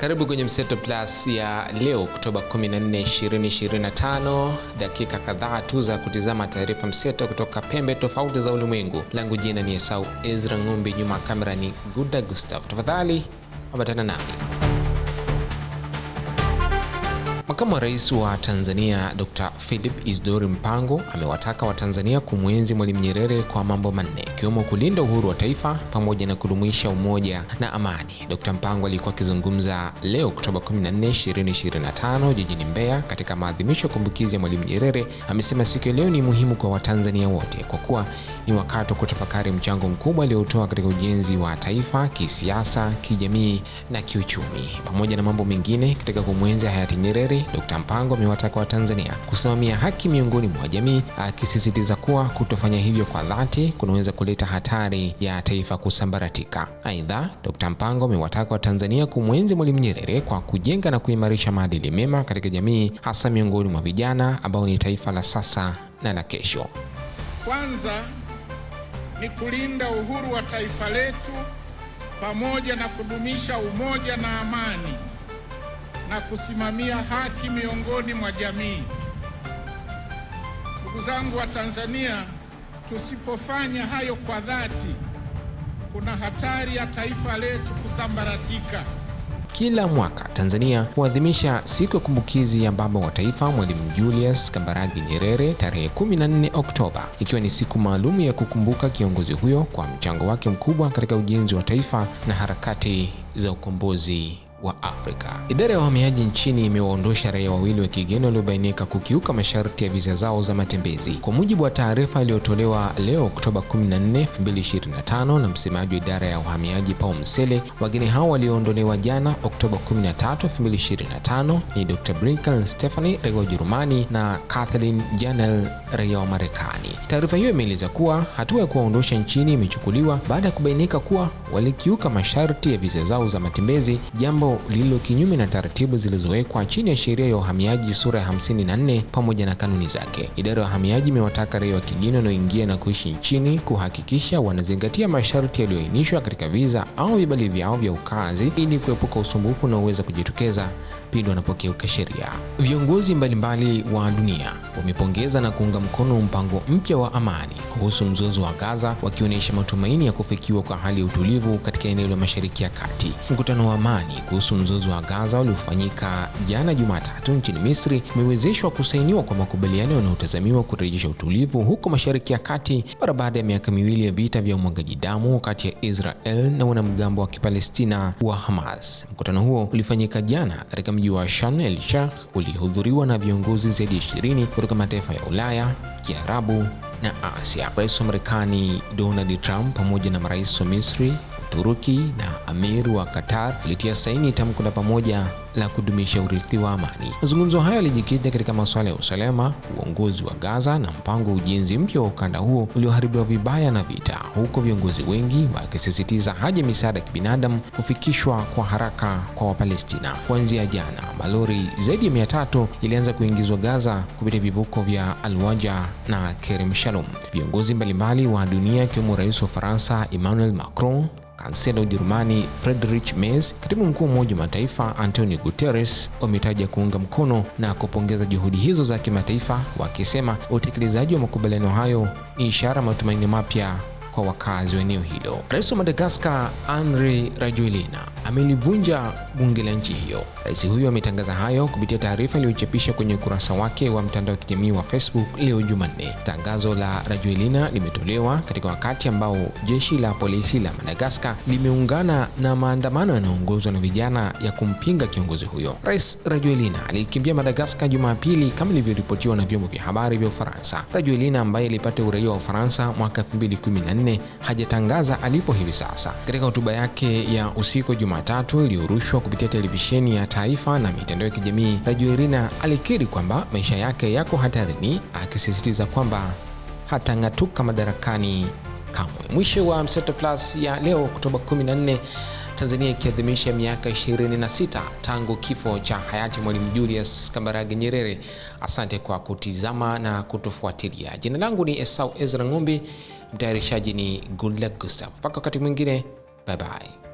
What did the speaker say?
Karibu kwenye Mseto Plus ya leo Oktoba 14, 2025, dakika kadhaa tu za kutizama taarifa mseto kutoka pembe tofauti za ulimwengu. Langu jina ni Esau Ezra Ng'umbi, nyuma kamera ni Guda Gustav. Tafadhali ambatana nami. Makamu wa Rais wa Tanzania Dr. Philip Isdori Mpango amewataka Watanzania kumwenzi Mwalimu Nyerere kwa mambo manne ikiwemo kulinda uhuru wa taifa pamoja na kudumisha umoja na amani. Dr. Mpango alikuwa akizungumza leo Oktoba 14, 2025 jijini Mbeya katika maadhimisho ya kumbukizi ya Mwalimu Nyerere. Amesema siku ya leo ni muhimu kwa Watanzania wote kwa kuwa ni wakati wa kutafakari mchango mkubwa aliyotoa katika ujenzi wa taifa kisiasa, kijamii na kiuchumi pamoja na mambo mengine katika kumwenzi hayati Nyerere habari, Dr. Mpango amewataka Watanzania kusimamia haki miongoni mwa jamii, akisisitiza kuwa kutofanya hivyo kwa dhati kunaweza kuleta hatari ya taifa kusambaratika. Aidha, Dr. Mpango amewataka Watanzania kumwenzi Mwalimu Nyerere kwa kujenga na kuimarisha maadili mema katika jamii, hasa miongoni mwa vijana ambao ni taifa la sasa na la kesho. Kwanza ni kulinda uhuru wa taifa letu pamoja na kudumisha umoja na amani na kusimamia haki miongoni mwa jamii. Ndugu zangu wa Tanzania, tusipofanya hayo kwa dhati, kuna hatari ya taifa letu kusambaratika. Kila mwaka Tanzania huadhimisha siku ya kumbukizi ya baba wa taifa Mwalimu Julius Kambarage Nyerere tarehe 14 Oktoba, ikiwa ni siku maalum ya kukumbuka kiongozi huyo kwa mchango wake mkubwa katika ujenzi wa taifa na harakati za ukombozi wa Afrika. Idara ya uhamiaji nchini imewaondosha raia wawili wa kigeni waliobainika kukiuka masharti ya viza zao za matembezi. Kwa mujibu wa taarifa iliyotolewa leo Oktoba 14, 2025 na msemaji wa idara ya uhamiaji Paul Msele, wageni hao walioondolewa jana Oktoba 13, 2025 ni Dr. Brinkel Stephanie raia wa Ujerumani na Kathleen Janel raia wa Marekani. Taarifa hiyo imeeleza kuwa hatua ya kuwaondosha nchini imechukuliwa baada ya kubainika kuwa walikiuka masharti ya viza zao za matembezi, jambo lililo kinyume na taratibu zilizowekwa chini ya sheria ya uhamiaji sura ya 54 pamoja na kanuni zake. Idara ya uhamiaji imewataka raia wa kigeni wanaoingia na kuishi nchini kuhakikisha wanazingatia masharti yaliyoainishwa katika viza au vibali vyao vya ukazi ili kuepuka usumbufu unaoweza kujitokeza pindi wanapokeuka sheria. Viongozi mbalimbali wa dunia wamepongeza na kuunga mkono mpango mpya wa amani kuhusu mzozo wa Gaza, wakionyesha matumaini ya kufikiwa kwa hali ya utulivu katika eneo la Mashariki ya Kati. Mkutano wa amani kuhusu mzozo wa Gaza uliofanyika jana Jumatatu nchini Misri umewezeshwa kusainiwa kwa makubaliano yanayotazamiwa kurejesha utulivu huko Mashariki ya Kati mara baada ya miaka miwili ya vita vya umwagaji damu kati ya Israel na wanamgambo wa Kipalestina wa Hamas. Mkutano huo ulifanyika jana katika mji wa Sharm el Sheikh ulihudhuriwa na viongozi zaidi ya 20 kutoka mataifa ya Ulaya, Kiarabu na Asia. Rais wa Marekani Donald Trump pamoja na marais wa Misri Uturuki na Amir wa Qatar ilitia saini tamko la pamoja la kudumisha urithi wa amani. Mazungumzo hayo yalijikita katika masuala ya usalama, uongozi wa Gaza na mpango wa ujenzi mpya wa ukanda huo ulioharibiwa vibaya na vita, huko viongozi wengi wakisisitiza haja misaada ya kibinadamu kufikishwa kwa haraka kwa Wapalestina. Kuanzia jana, malori zaidi ya mia tatu yalianza kuingizwa Gaza kupitia vivuko vya Alwaja na Kerem Shalom. Viongozi mbalimbali wa dunia akiwemo Rais wa Faransa Emmanuel Macron Kansela Ujerumani Friedrich Merz, katibu mkuu wa Umoja wa Mataifa Antonio Guterres wametaja kuunga mkono na kupongeza juhudi hizo za kimataifa, wakisema utekelezaji wa makubaliano hayo ni ishara matumaini mapya kwa wakazi wa eneo hilo. Rais wa Madagaskar Andry Rajoelina amelivunja bunge la nchi hiyo. Rais huyo ametangaza hayo kupitia taarifa iliyochapisha kwenye ukurasa wake wa mtandao wa kijamii wa Facebook leo Jumanne. Tangazo la Rajoelina limetolewa katika wakati ambao jeshi la polisi la Madagaskar limeungana na maandamano yanayoongozwa na vijana ya kumpinga kiongozi huyo. Rais Rajoelina alikimbia Madagaskar Jumapili kama ilivyoripotiwa na vyombo vya habari vya Ufaransa. Rajoelina ambaye alipata uraia wa Ufaransa mwaka 2014 hajatangaza alipo hivi sasa. Katika hotuba yake ya usiku Jumanne Jumatatu iliyorushwa kupitia televisheni ya taifa na mitandao ya kijamii, Raju Irina alikiri kwamba maisha yake yako hatarini, akisisitiza kwamba hatang'atuka madarakani kamwe. Mwisho wa Mseto Plus ya leo Oktoba 14, Tanzania ikiadhimisha miaka 26 tangu kifo cha hayati Mwalimu Julius Kambarage Nyerere. Asante kwa kutizama na kutufuatilia. Jina langu ni Esau Ezra Ng'umbi, mtayarishaji ni Goodluck Gustav. Mpaka wakati mwingine, bye bye.